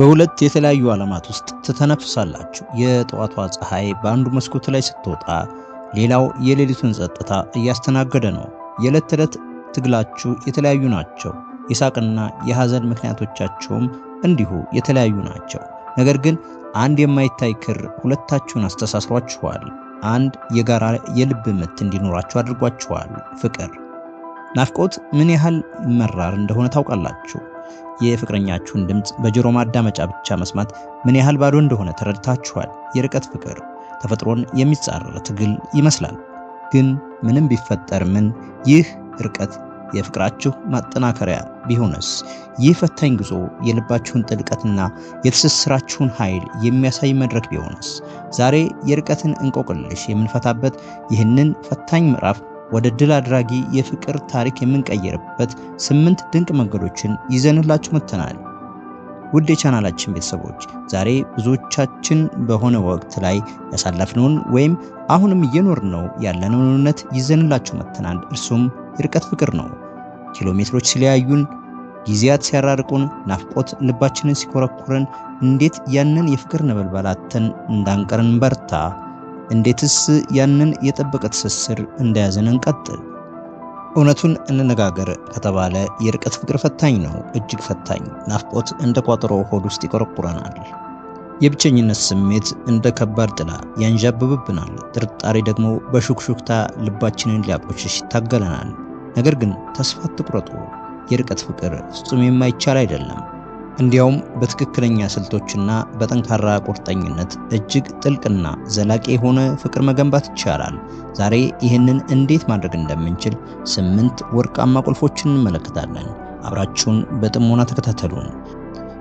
በሁለት የተለያዩ ዓለማት ውስጥ ትተነፍሳላችሁ። የጠዋቷ ፀሐይ በአንዱ መስኮት ላይ ስትወጣ፣ ሌላው የሌሊቱን ጸጥታ እያስተናገደ ነው። የዕለት ተዕለት ትግላችሁ የተለያዩ ናቸው። የሳቅና የሐዘን ምክንያቶቻችሁም እንዲሁ የተለያዩ ናቸው። ነገር ግን አንድ የማይታይ ክር ሁለታችሁን አስተሳስሯችኋል። አንድ የጋራ የልብ ምት እንዲኖራችሁ አድርጓችኋል። ፍቅር፣ ናፍቆት ምን ያህል መራር እንደሆነ ታውቃላችሁ። የፍቅረኛችሁን ድምፅ በጆሮ ማዳመጫ ብቻ መስማት ምን ያህል ባዶ እንደሆነ ተረድታችኋል። የርቀት ፍቅር ተፈጥሮን የሚጻረር ትግል ይመስላል። ግን ምንም ቢፈጠር ምን ይህ ርቀት የፍቅራችሁ ማጠናከሪያ ቢሆንስ? ይህ ፈታኝ ጉዞ የልባችሁን ጥልቀትና የትስስራችሁን ኃይል የሚያሳይ መድረክ ቢሆንስ? ዛሬ የርቀትን እንቆቅልሽ የምንፈታበት ይህንን ፈታኝ ምዕራፍ ወደ ድል አድራጊ የፍቅር ታሪክ የምንቀይርበት ስምንት ድንቅ መንገዶችን ይዘንላችሁ መጥተናል። ውድ የቻናላችን ቤተሰቦች ዛሬ ብዙዎቻችን በሆነ ወቅት ላይ ያሳለፍነውን ወይም አሁንም ነው ያለነውን እውነት ይዘንላችሁ መጥተናል። እርሱም የርቀት ፍቅር ነው። ኪሎ ሜትሮች ሲለያዩን፣ ጊዜያት ሲያራርቁን፣ ናፍቆት ልባችንን ሲኮረኩረን እንዴት ያንን የፍቅር ነበልባላትን እንዳንቀርን በርታ እንዴትስ ያንን የጠበቀ ትስስር እንደያዝን እንቀጥል? እውነቱን እንነጋገር ከተባለ የርቀት ፍቅር ፈታኝ ነው፣ እጅግ ፈታኝ። ናፍቆት እንደ ቋጠሮ ሆድ ውስጥ ይቆረቁረናል። የብቸኝነት ስሜት እንደ ከባድ ጥላ ያንዣብብብናል። ጥርጣሬ ደግሞ በሹክሹክታ ልባችንን ሊያቆሽሽ ይታገለናል። ነገር ግን ተስፋ አትቁረጡ። የርቀት ፍቅር ፍጹም የማይቻል አይደለም። እንዲያውም በትክክለኛ ስልቶችና በጠንካራ ቁርጠኝነት እጅግ ጥልቅና ዘላቂ የሆነ ፍቅር መገንባት ይቻላል። ዛሬ ይህንን እንዴት ማድረግ እንደምንችል ስምንት ወርቃማ ቁልፎችን እንመለከታለን። አብራችሁን በጥሞና ተከታተሉን።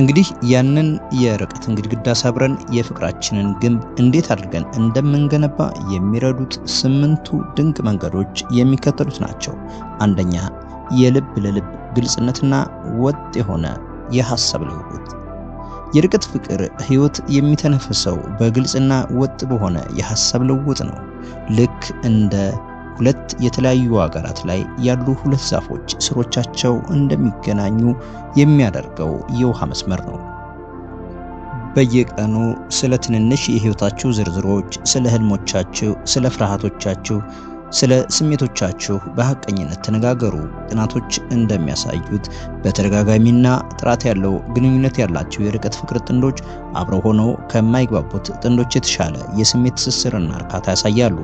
እንግዲህ ያንን የርቀትን ግድግዳ ሰብረን የፍቅራችንን ግንብ እንዴት አድርገን እንደምንገነባ የሚረዱት ስምንቱ ድንቅ መንገዶች የሚከተሉት ናቸው። አንደኛ፣ የልብ ለልብ ግልጽነትና ወጥ የሆነ የሐሳብ ልውውጥ። የርቀት ፍቅር ህይወት የሚተነፈሰው በግልጽና ወጥ በሆነ የሐሳብ ልውውጥ ነው። ልክ እንደ ሁለት የተለያዩ አገራት ላይ ያሉ ሁለት ዛፎች ስሮቻቸው እንደሚገናኙ የሚያደርገው የውሃ መስመር ነው። በየቀኑ ስለ ትንንሽ የህይወታችሁ ዝርዝሮች፣ ስለ ህልሞቻችሁ፣ ስለ ፍርሃቶቻችሁ ስለ ስሜቶቻችሁ በሐቀኝነት ተነጋገሩ። ጥናቶች እንደሚያሳዩት በተደጋጋሚና ጥራት ያለው ግንኙነት ያላቸው የርቀት ፍቅር ጥንዶች አብረው ሆነው ከማይግባቡት ጥንዶች የተሻለ የስሜት ትስስርና እርካታ ያሳያሉ።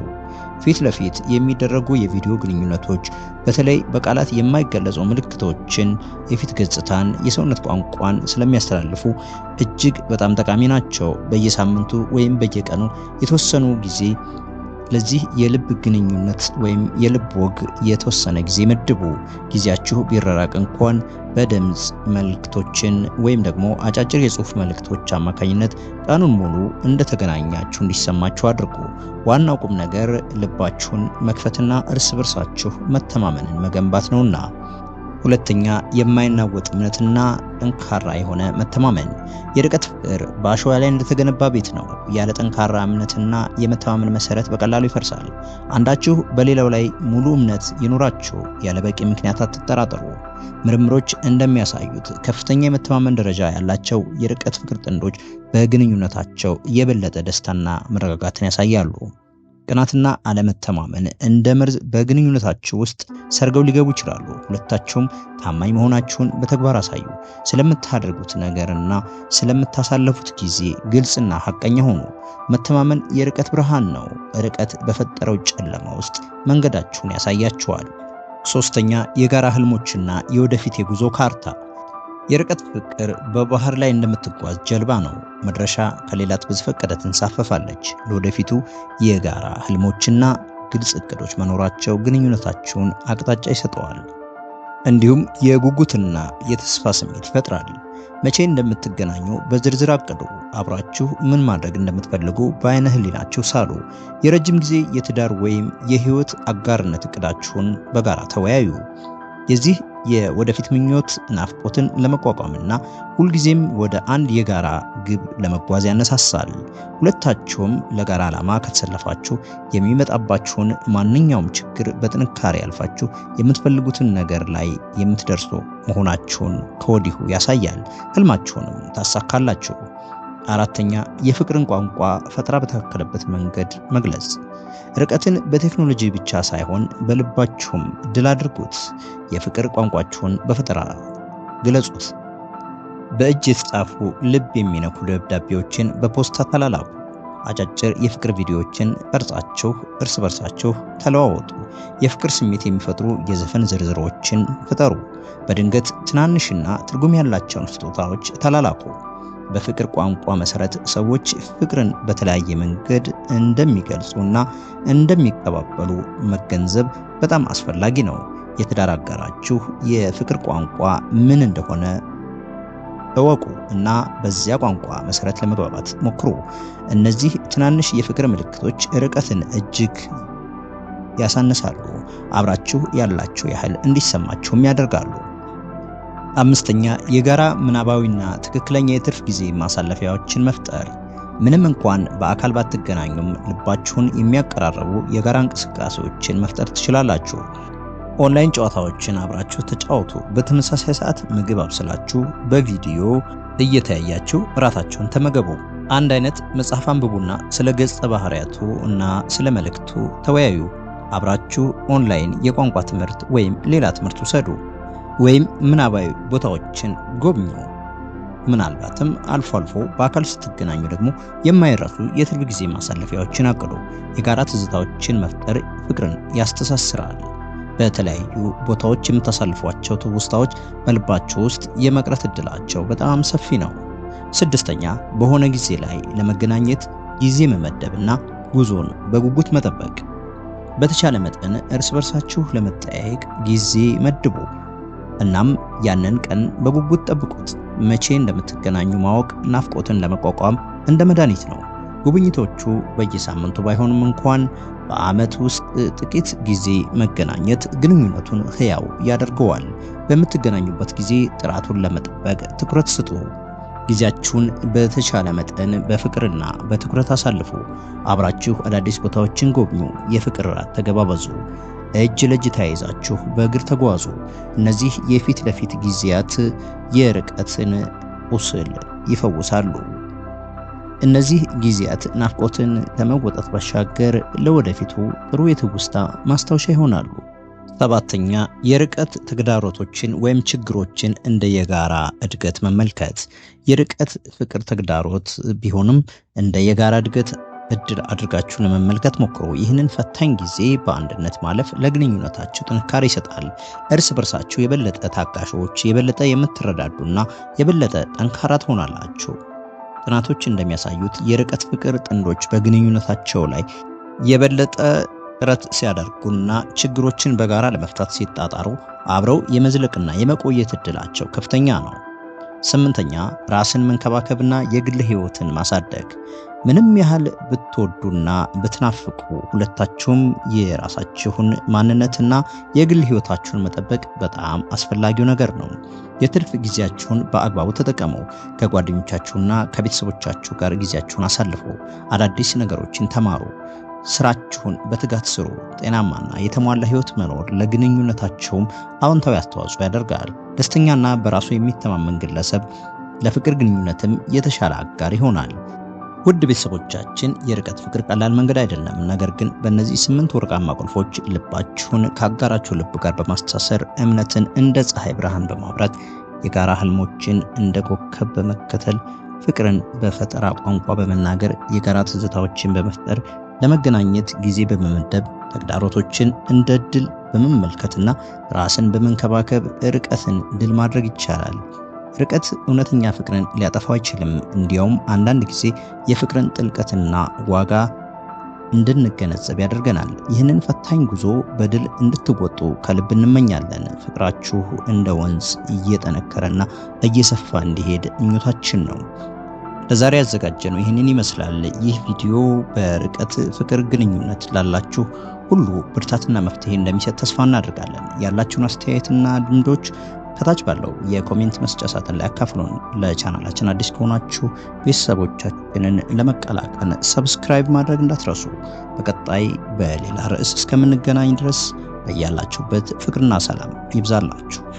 ፊት ለፊት የሚደረጉ የቪዲዮ ግንኙነቶች በተለይ በቃላት የማይገለጹ ምልክቶችን፣ የፊት ገጽታን፣ የሰውነት ቋንቋን ስለሚያስተላልፉ እጅግ በጣም ጠቃሚ ናቸው። በየሳምንቱ ወይም በየቀኑ የተወሰኑ ጊዜ ለዚህ የልብ ግንኙነት ወይም የልብ ወግ የተወሰነ ጊዜ መድቡ። ጊዜያችሁ ቢረራቅ እንኳን በድምፅ መልእክቶችን ወይም ደግሞ አጫጭር የጽሑፍ መልእክቶች አማካኝነት ቀኑን ሙሉ እንደተገናኛችሁ እንዲሰማችሁ አድርጉ። ዋናው ቁም ነገር ልባችሁን መክፈትና እርስ በርሳችሁ መተማመንን መገንባት ነውና ሁለተኛ የማይናወጥ እምነትና ጠንካራ የሆነ መተማመን። የርቀት ፍቅር በአሸዋ ላይ እንደተገነባ ቤት ነው። ያለ ጠንካራ እምነትና የመተማመን መሰረት በቀላሉ ይፈርሳል። አንዳችሁ በሌላው ላይ ሙሉ እምነት ይኖራችሁ፣ ያለ በቂ ምክንያት አትጠራጠሩ። ምርምሮች እንደሚያሳዩት ከፍተኛ የመተማመን ደረጃ ያላቸው የርቀት ፍቅር ጥንዶች በግንኙነታቸው የበለጠ ደስታና መረጋጋትን ያሳያሉ። ቅናትና አለመተማመን እንደ መርዝ በግንኙነታችሁ ውስጥ ሰርገው ሊገቡ ይችላሉ። ሁለታችሁም ታማኝ መሆናችሁን በተግባር አሳዩ። ስለምታደርጉት ነገርና ስለምታሳለፉት ጊዜ ግልጽና ሐቀኛ ሆኑ። መተማመን የርቀት ብርሃን ነው። ርቀት በፈጠረው ጨለማ ውስጥ መንገዳችሁን ያሳያችኋል። ሶስተኛ የጋራ ህልሞችና የወደፊት የጉዞ ካርታ የርቀት ፍቅር በባህር ላይ እንደምትጓዝ ጀልባ ነው። መድረሻ ከሌላት በዘፈቀደ ትንሳፈፋለች። ለወደፊቱ የጋራ ህልሞችና ግልጽ እቅዶች መኖራቸው ግንኙነታቸውን አቅጣጫ ይሰጠዋል። እንዲሁም የጉጉትና የተስፋ ስሜት ይፈጥራል። መቼ እንደምትገናኙ በዝርዝር አቅዱ። አብራችሁ ምን ማድረግ እንደምትፈልጉ በአይነ ህሊናችሁ ሳሉ። የረጅም ጊዜ የትዳር ወይም የህይወት አጋርነት እቅዳችሁን በጋራ ተወያዩ። የዚህ የወደፊት ምኞት ናፍቆትን ለመቋቋምና ሁልጊዜም ወደ አንድ የጋራ ግብ ለመጓዝ ያነሳሳል። ሁለታችሁም ለጋራ ዓላማ ከተሰለፋችሁ የሚመጣባችሁን ማንኛውም ችግር በጥንካሬ ያልፋችሁ የምትፈልጉትን ነገር ላይ የምትደርሱ መሆናችሁን ከወዲሁ ያሳያል። ህልማችሁንም ታሳካላችሁ። አራተኛ የፍቅርን ቋንቋ ፈጠራ በተካከለበት መንገድ መግለጽ ርቀትን በቴክኖሎጂ ብቻ ሳይሆን በልባችሁም ድል አድርጉት። የፍቅር ቋንቋችሁን በፈጠራ ግለጹት። በእጅ የተጻፉ ልብ የሚነኩ ደብዳቤዎችን በፖስታ ተላላኩ። አጫጭር የፍቅር ቪዲዮዎችን ቀርጻችሁ እርስ በርሳችሁ ተለዋወጡ። የፍቅር ስሜት የሚፈጥሩ የዘፈን ዝርዝሮችን ፍጠሩ። በድንገት ትናንሽና ትርጉም ያላቸውን ስጦታዎች ተላላኩ። በፍቅር ቋንቋ መሰረት ሰዎች ፍቅርን በተለያየ መንገድ እንደሚገልጹና እንደሚቀባበሉ መገንዘብ በጣም አስፈላጊ ነው። የትዳር አጋራችሁ የፍቅር ቋንቋ ምን እንደሆነ እወቁ እና በዚያ ቋንቋ መሰረት ለመግባባት ሞክሩ። እነዚህ ትናንሽ የፍቅር ምልክቶች ርቀትን እጅግ ያሳንሳሉ፣ አብራችሁ ያላችሁ ያህል እንዲሰማችሁም ያደርጋሉ። አምስተኛ የጋራ ምናባዊና ትክክለኛ የትርፍ ጊዜ ማሳለፊያዎችን መፍጠር። ምንም እንኳን በአካል ባትገናኙም ልባችሁን የሚያቀራርቡ የጋራ እንቅስቃሴዎችን መፍጠር ትችላላችሁ። ኦንላይን ጨዋታዎችን አብራችሁ ተጫወቱ። በተመሳሳይ ሰዓት ምግብ አብስላችሁ በቪዲዮ እየተያያችሁ እራታችሁን ተመገቡ። አንድ አይነት መጽሐፍ አንብቡና ስለ ገጸ ባህሪያቱ እና ስለ መልእክቱ ተወያዩ። አብራችሁ ኦንላይን የቋንቋ ትምህርት ወይም ሌላ ትምህርት ውሰዱ። ወይም ምናባዊ ቦታዎችን ጎብኙ። ምናልባትም አልፎ አልፎ በአካል ስትገናኙ ደግሞ የማይረሱ የትርፍ ጊዜ ማሳለፊያዎችን አቅዱ። የጋራ ትዝታዎችን መፍጠር ፍቅርን ያስተሳስራል። በተለያዩ ቦታዎች የምታሳልፏቸው ትውስታዎች በልባችሁ ውስጥ የመቅረት እድላቸው በጣም ሰፊ ነው። ስድስተኛ በሆነ ጊዜ ላይ ለመገናኘት ጊዜ መመደብና ጉዞን በጉጉት መጠበቅ። በተቻለ መጠን እርስ በርሳችሁ ለመጠያየቅ ጊዜ መድቡ። እናም ያንን ቀን በጉጉት ጠብቁት። መቼ እንደምትገናኙ ማወቅ ናፍቆትን ለመቋቋም እንደ መድኃኒት ነው። ጉብኝቶቹ በየሳምንቱ ባይሆንም እንኳን በዓመት ውስጥ ጥቂት ጊዜ መገናኘት ግንኙነቱን ሕያው ያደርገዋል። በምትገናኙበት ጊዜ ጥራቱን ለመጠበቅ ትኩረት ስጡ። ጊዜያችሁን በተቻለ መጠን በፍቅርና በትኩረት አሳልፉ። አብራችሁ አዳዲስ ቦታዎችን ጎብኙ። የፍቅር እራት ተገባበዙ። እጅ ለእጅ ተያይዛችሁ በእግር ተጓዙ። እነዚህ የፊት ለፊት ጊዜያት የርቀትን ቁስል ይፈውሳሉ። እነዚህ ጊዜያት ናፍቆትን ከመወጣት ባሻገር ለወደፊቱ ጥሩ የትውስታ ማስታወሻ ይሆናሉ። ሰባተኛ የርቀት ተግዳሮቶችን ወይም ችግሮችን እንደ የጋራ እድገት መመልከት። የርቀት ፍቅር ተግዳሮት ቢሆንም እንደ የጋራ እድገት እድል አድርጋችሁ ለመመልከት ሞክሩ። ይህንን ፈታኝ ጊዜ በአንድነት ማለፍ ለግንኙነታችሁ ጥንካሬ ይሰጣል። እርስ በርሳችሁ የበለጠ ታጋሾች፣ የበለጠ የምትረዳዱና የበለጠ ጠንካራ ትሆናላችሁ። ጥናቶች እንደሚያሳዩት የርቀት ፍቅር ጥንዶች በግንኙነታቸው ላይ የበለጠ ጥረት ሲያደርጉና ችግሮችን በጋራ ለመፍታት ሲጣጣሩ አብረው የመዝለቅና የመቆየት እድላቸው ከፍተኛ ነው። ስምንተኛ ራስን መንከባከብና የግል ህይወትን ማሳደግ። ምንም ያህል ብትወዱና ብትናፍቁ ሁለታችሁም የራሳችሁን ማንነትና የግል ህይወታችሁን መጠበቅ በጣም አስፈላጊው ነገር ነው። የትርፍ ጊዜያችሁን በአግባቡ ተጠቀሙ። ከጓደኞቻችሁና ከቤተሰቦቻችሁ ጋር ጊዜያችሁን አሳልፉ። አዳዲስ ነገሮችን ተማሩ። ስራችሁን በትጋት ስሩ። ጤናማና የተሟላ ህይወት መኖር ለግንኙነታቸውም አዎንታዊ አስተዋጽኦ ያደርጋል። ደስተኛና በራሱ የሚተማመን ግለሰብ ለፍቅር ግንኙነትም የተሻለ አጋር ይሆናል። ውድ ቤተሰቦቻችን የርቀት ፍቅር ቀላል መንገድ አይደለም። ነገር ግን በእነዚህ ስምንት ወርቃማ ቁልፎች ልባችሁን ከአጋራችሁ ልብ ጋር በማስተሳሰር እምነትን እንደ ፀሐይ ብርሃን በማብራት የጋራ ህልሞችን እንደ ኮከብ በመከተል ፍቅርን በፈጠራ ቋንቋ በመናገር የጋራ ትዝታዎችን በመፍጠር ለመገናኘት ጊዜ በመመደብ ተግዳሮቶችን እንደ ድል በመመልከትና ራስን በመንከባከብ ርቀትን ድል ማድረግ ይቻላል። ርቀት እውነተኛ ፍቅርን ሊያጠፋው አይችልም። እንዲያውም አንዳንድ ጊዜ የፍቅርን ጥልቀትና ዋጋ እንድንገነዘብ ያደርገናል። ይህንን ፈታኝ ጉዞ በድል እንድትወጡ ከልብ እንመኛለን። ፍቅራችሁ እንደ ወንዝ እየጠነከረና እየሰፋ እንዲሄድ ምኞታችን ነው። ለዛሬ ያዘጋጀ ነው ይህንን ይመስላል። ይህ ቪዲዮ በርቀት ፍቅር ግንኙነት ላላችሁ ሁሉ ብርታትና መፍትሄ እንደሚሰጥ ተስፋ እናደርጋለን። ያላችሁን አስተያየትና ልምዶች ከታች ባለው የኮሜንት መስጫ ሳጥን ላይ አካፍሉን። ለቻናላችን አዲስ ከሆናችሁ ቤተሰቦቻችንን ለመቀላቀል ሰብስክራይብ ማድረግ እንዳትረሱ። በቀጣይ በሌላ ርዕስ እስከምንገናኝ ድረስ በያላችሁበት ፍቅርና ሰላም ይብዛላችሁ።